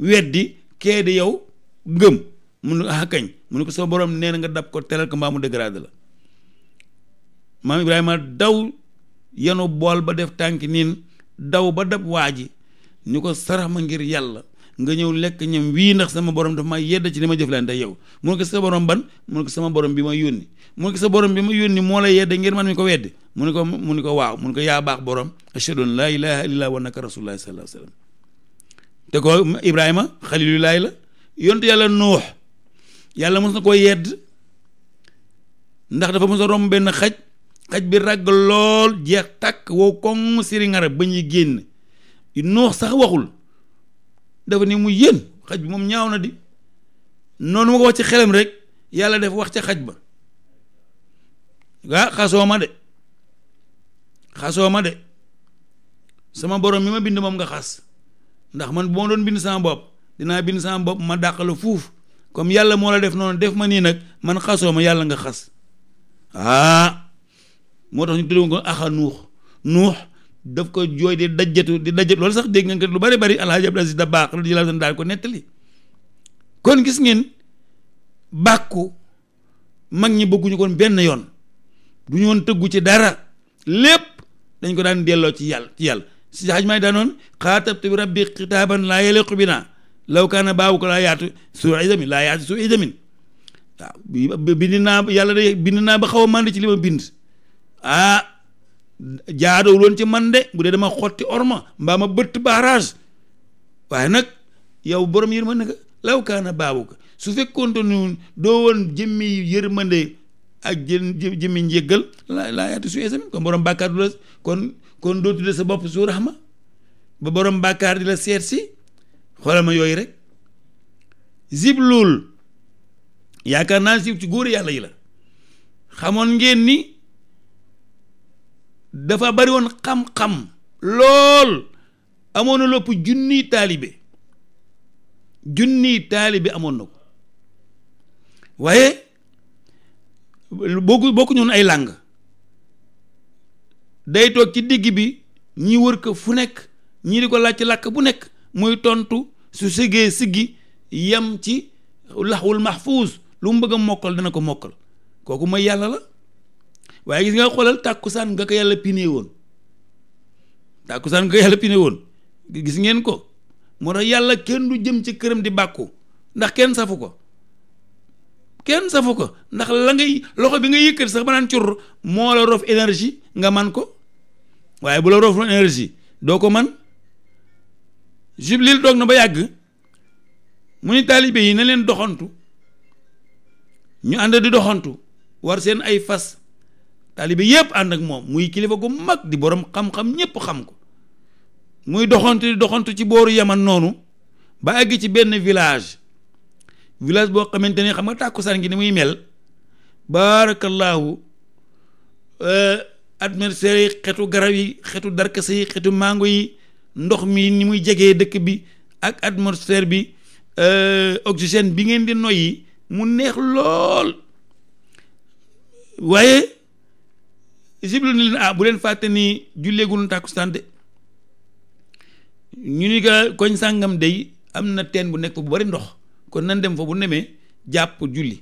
weddi kee di yow ngëm mu ne ko ah mu ne ko sa borom nee na nga dab ko teral ko mbaa mu dégradé la maam Ibrahima daw yenu bool ba def tànki niin daw ba dab waa ji ñu ko sarax ma ngir yàlla nga ñëw lekk ñam wii ndax sama borom dafa ma yedd ci li ma jëflante yow mu ne ko sa borom ban mu ne ko sama borom bi ma yónni mu sa borom bi ma yónni moo la yedde ngir man mi ko wedde mu ne ko mu ni ko waaw mun ko yaa baax borom ashhadu an laa ilaha illallah wa annaka rasulullahi sallallahu alayhi wa sallam te ko ibrahima xalilullahi la yontu yàlla nuux yàlla mos na ko yedd ndax dafa mos a romb benn xaj xaj bi ragg lool jeex tàkk wow koŋ siri ngara ba ñuy génn noox sax waxul dafa ni mu yéen xaj bi moom ñaaw na di noonu ma ko wax ci xelam rek yàlla def wax ca xaj ba waa ah, xasoo ma de xasoo ma de sama borom mi ma bind moom nga xas ndax man bu doon bind sama bopp dinaa bind sama bopp ma dàqala fuuf comme yàlla moo la def noonu def ma nii nag man xasoo ma yàlla nga xas ah moo tax ñu tudde ko axa nuux nuux daf ko jooy di dajjatu di dajjatu lool sax dégg nga lu bari bari alhaji Abdul Aziz da baax loolu ko nettali kon gis ngeen bàkku mag ñi bëgguñu kon benn yoon du ñu tëggu ci dara lépp dañ ko daan delloo ci yàlla ci yàlla si ma maay daanoon xaatabtu bi rabbi xitaaban laa yaliqu bi law kaana baawu ko laa yaatu su idamin laa yaatu su idamin bind naa yàlla de bind naa ba xaw a mànd ci li bind ah jaadoo loon ci man de bu dee dama xotti orma mbaa ma bëtt barrage waaye nag yow borom mën nga law kaana baabuka su fekkoon te ñun doo woon jëmmi yërmande ak jë jëmmi njëggal laa laa su eesam kon borom bàkkaar du kon kon doo tudde sa bopp su raxma ba borom bàkkaar di la seet si xoolal ma yooyu rek ziblul yaakaar naa si ci góor yàlla yi la xamoon ngeen ni. dafa bari woon xam-xam lool amoon na lopp junniy taalibe junniy taalibe amoon na ko waaye bokku bokku ñoon ay làng day toog ci digg bi ñi wër ko fu nekk ñii di ko laaj ci làkk bu nekk muy tontu su sigee siggi yam ci laxwul mahfuus lu mu bëgg a mokkal dana ko mokkal kooku ma yàlla la waaye gis nga xoolal tàkkusaan nga ko yàlla pine woon tàkkusaan nga ko yàlla pine woon gis ngeen ko moo tax yàlla kenn du jëm ci këram di bàkku ndax kenn safu ko kenn safu ko ndax la ngay loxo bi nga yëkkati sax ba naan cur moo la rof énergie nga man ko waaye bu la rof énergie doo ko man Jibril toog na ba yàgg mu ni taalibe yi na leen doxantu ñu ànd di doxantu war seen ay fas taalibe yëpp ànd ak moom muy kilifa gu mag di borom xam-xam ñëpp xam ko muy doxantu di doxantu ci booru yaman noonu ba àgg ci benn village village boo xamante ne xam nga tàkkusaan gi ni muy mel baarakallaahu euh, atmosphère yi xetu garab yi xetu darkase yi xetu màngo yi ndox mi ni muy jegee dëkk bi ak atmosphère bi euh, oxygène bi ngeen di noyyi mu neex lool waaye Jibril ni leen ah bu leen fàtte ni julleegunu tàkkusaan de ñu ni ko koñ sàngam day am na teen bu nekk bu bari ndox kon nan dem fa bu nemee jàpp julli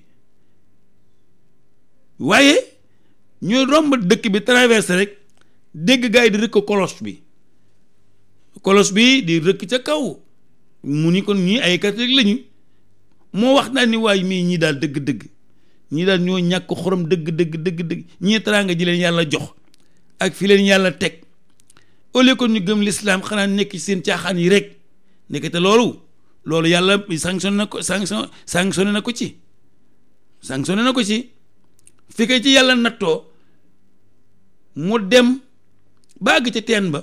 waaye ñoo romb dëkk bi traversé rek dégg gaa yi di rëkk kolos bi kolos bi di rëkk ca kaw mu ni kon ñii ay catholique lañu moo wax naa ni waaye mii ñii daal dëgg-dëgg ñi daal ñoo ñàkk xorom dëgg dëgg dëgg dëgg ñii teraanga ji leen yàlla jox ak fi leen yàlla teg au lieu ñu gëm lislaam xanaa nekk ci seen caaxaan yi rek nekkete loolu loolu yàlla sanctionné na ko sanction sanctionné na ko ci sanctionné na ko ci fi ko ci yàlla nattoo mu dem bàgg ca teen ba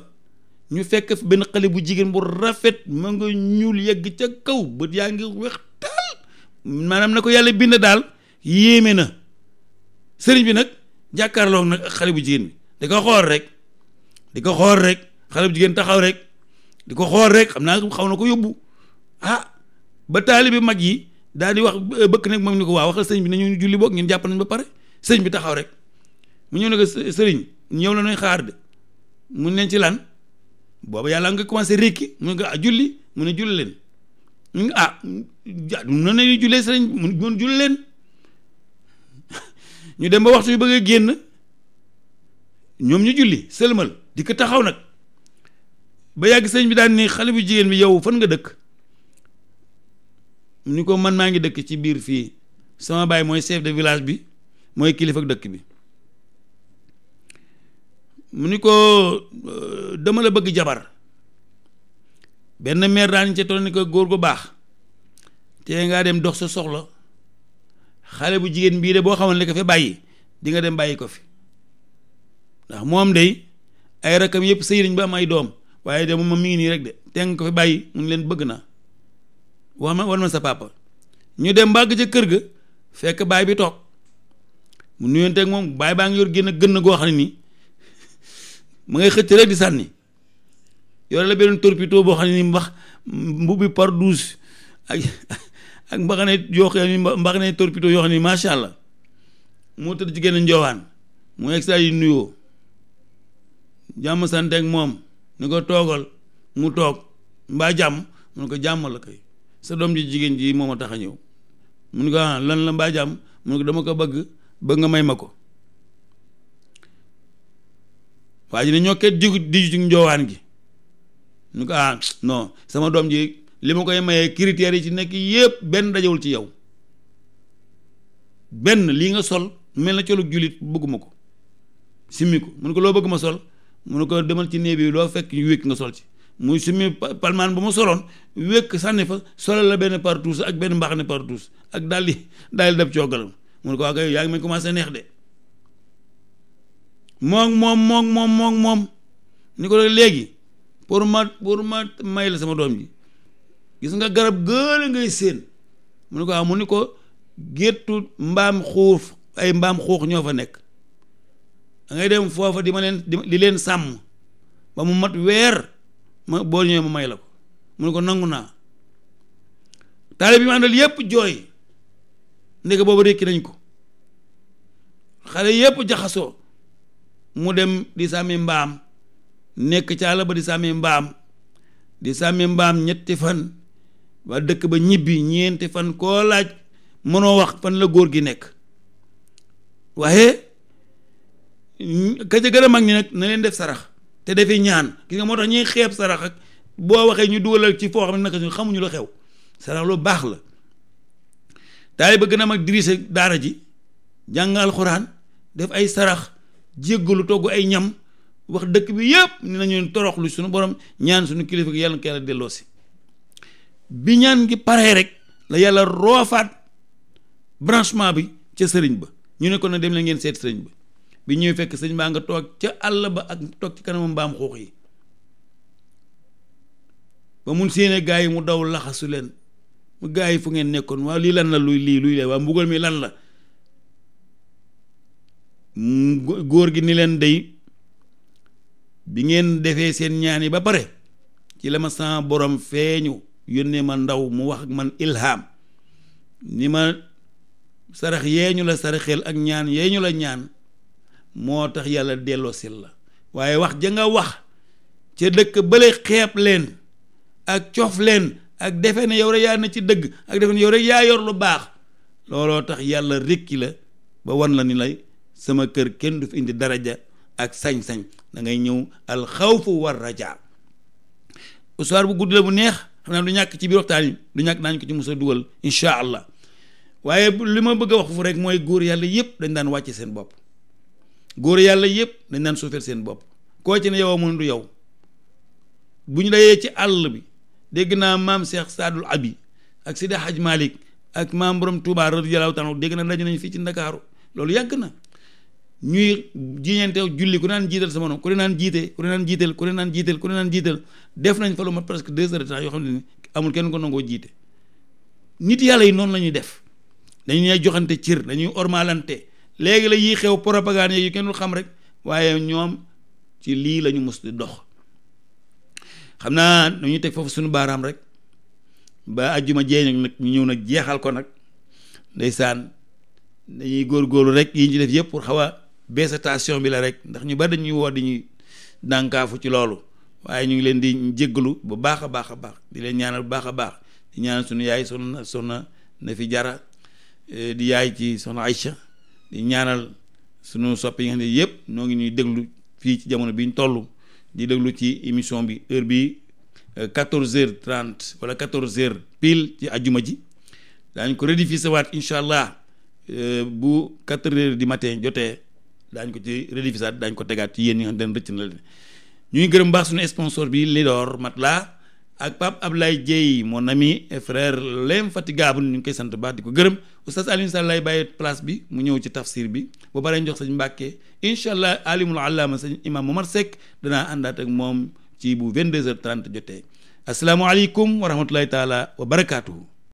ñu fekk benn xale bu jigéen bu rafet ma nga ñuul yegg ca kaw bët yaa ngi weex taal maanaam na ko yàlla bind daal yéeme na sëriñ bi nag jàkkaarloo nag xale bu jigéen bi di ko xool rek di ko xool rek xale bu jigéen taxaw rek di ko xool rek xam naa xaw na ko yóbbu ah ba taali bi mag yi daal di wax eh, bëkk nag moom ni ko waa waxal sëriñ bi nañu julli boog ñun jàpp nañ ba pare sëriñ bi taxaw rek mu ñëw ne sëriñ ñëw la ñuy xaar de mun leen ci lan boobu yàlla nga commencé rékki mu ne ah julli mu ne julli leen ah mun na ne jullee sëriñ mun julli leen ñu dem ba waxtu yu bëgg génn ñoom ñu julli sëlmal di ko taxaw nag ba yàgg sëñ bi daan ni xale bu jigéen bi yow fan nga dëkk ni ko man maa ngi dëkk ci biir fii sama baay mooy chef de village bi mooy kilifa dëkk bi mu ni ko euh, dama la bëgg jabar benn meer daan ca toll ni ko góor gu baax te ngaa dem dox sa soxla xale bu jigéen bii de boo xamoon li ko fi bàyyi di nga dem bàyyi ko fi ndax moom day ay rakam yëpp sëy nañ ba am ay doom waaye de moom mi ngi nii rek de te ko fi bàyyi mu ngi leen bëgg na wax ma wan ma sa pàppa ñu dem mbàgg ca kër ga fekk baay bi toog mu nuyonteeg moom baay baa ngi yor génn gën goo xam ne nii mu ngay xëcc rek di sànni yore la beneen torpito boo xam ne nii wax mbubbi par douze ak ak mbaxane yoo xam ne mbaxane torpido yoo xam ne macha allah moo tëdd jigéen genn njoowaan mu egg yi nuyoo jàmm sant ak moom ni ko toogal mu toog mbaa jàmm mu ne ko jàmm la kay sa doom ji jigéen ji moom a tax a ñëw mu ne ko ah lan la mbaa jàmm mu ne dama ko bëgg bëgg nga may ma ko waa ji ne ñokket di di ci njoowaan gi mu ne ko ah sama doom ji li ma koy mayee critères yi ci nekk yépp benn dajawul ci yow benn lii nga sol mel na colug jullit bëgguma ko simmi ko mun ko loo bëgg ma sol mun ko demal ci néeg bi loo fekk ñu wékk nga sol ci muy summi palmaan bu ma soloon wékk sànni fa solal la benn partous ak benn mbaxane partous ak daal di daal di def coogalam mun ko waa kay yaa ngi may commencé neex de moom moom moom moom moom ni ko léegi pour ma pour ma may la sama doom yi gis nga garab gële ngay séen mu ne ko ah mu ni ko géttu mbaam xuuf ay mbaam xuux ñoo fa nekk da dem foofa di ma leen di leen sàmm ba mu mat weer ma boo ñëwee ma may la ko mu ne ko nangu naa taale bi mu àndal yépp jooy ndeke boobu rékki nañ ko xale yépp jaxasoo mu dem di sàmmi mbaam nekk ca àll ba di sàmmi mbaam di sàmmi mbaam ñetti fan waa dëkk ba ñibbi ñeenti fan koo laaj mënoo wax fan la góor gi nekk waaye ka ca gën a mag ñi nag na leen def sarax te defi ñaan ki nga moo tax ñuy xeeb sarax ak boo waxee ñu dugalal ci foo xam ne naka ñu xamuñu la xew sarax lu baax la daal ba gën a mag dirise daara ji jàng alxuraan def ay sarax lu togg ay ñam wax dëkk bi yëpp ni nañu toroxlu suñu borom ñaan suñu kilifa gi yàlla na ko yàlla delloo si bi ñaan gi paree rek la yàlla roofaat branchement bi ca sëriñ ba ñu nekkoon ko na dem la ngeen seet sëriñ ba bi ñuy fekk sëriñ baa nga toog ca àll ba ak toog ci kanamu mbaam xuux yi ba mun séenee gaa yi mu daw laxasu leen mu gaa yi fu ngeen nekkoon waaw lii lan la luy lii luy leen waaw mbugal mi lan la góor gi ni leen day bi ngeen defee seen ñaan yi ba pare ci la ma sama borom feeñu yónnee ma ndaw mu wax ak man ilham ni ma sarax yee ñu la saraxeel ak ñaan yee ñu la ñaan moo tax yàlla delloosil la waaye wax ja wax ca dëkk bële xeeb leen ak coof leen ak defe yow rek na ci dëgg ak defe ne rek yaa lu baax looloo tax yàlla rékki la ba wan la ni lay sama kër kenn du fi indi daraja ak sañ-sañ dangay ngay ñëw alxawfu war rajaa histoire bu gudd la bu neex xam naa du ñàkk ci biir waxtaan yi du ñàkk daañu ko ci musa dugal incha allah waaye li ma bëgg a wax fu rek mooy góor yàlla yëpp dañ daan wàcce seen bopp góor yàlla yëpp dañ daan suufeel seen bopp koo ci ne yow mun du yow bu ñu dayee ci àll bi dégg naa maam Cheikh Sadul Abi ak Sidi Hadj Malick ak maam borom Touba radiyallahu taala dégg na daje nañu fii ci Ndakaaru loolu yàgg na ñuy jiiñante julli ku ne naan jiital sama morom ku ne naan jiite ku ne naan jiital ku ne naan jiital ku ne naan def nañ fa lu mat presque deux heures de temps yoo xam ne amul kenn ko nangoo jiite nit yàlla yi noonu lañuy def dañuy joxante cir dañuy ormalante léegi la yii xew propagande yu kenn xam rek waaye ñoom ci lii lañu mus di dox xam naa dañuy teg foofu suñu baaraam rek ba ajjuma jeeñag nag ñu ñëw nag jeexal ko nag ndeysaan dañuy góorgóorlu rek yi ñu ci def yëpp pour xaw végétation bi la rek ndax ñu bari dañuy woo di ñuy dànkaafu ci loolu waaye ñu ngi leen di jéggalu bu baax a baax a baax di leen ñaanal bu baax a baax di ñaanal sunu yaay soxna soxna na fi jara eh, di yaay ci soxna Aïcha di ñaanal sunu soppi yi nga xam ne yëpp noo ngi ñuy déglu fii ci jamono bi ñu toll di déglu ci émission bi heure bi euh, quatorze heures trente wala quatorze heures pile ci ajuma ji daañu ko rediffuser waat incha allah euh, bu quatre heures du matin daañ ko ci relivisaat daañ ko tegaat ci yéen ñi nga xam ne rëcc na la ñu ngi gërëm baax suñu sponsor bi Lidor Matla ak Pape Ablaye Dieye mon ami et frère l'infatigable ñu ngi koy sant baax di ko gërëm oustaz Alioune Sall lay bàyyi place bi mu ñëw ci tafsir bi ba pare jox sañ Mbàkke incha allah alimul sañ sëñ imam Momar Seck danaa àndaat ak moom ci bu 22h30 jotee asalaamualeykum wa rahmatulahi taala wa barakaatuhu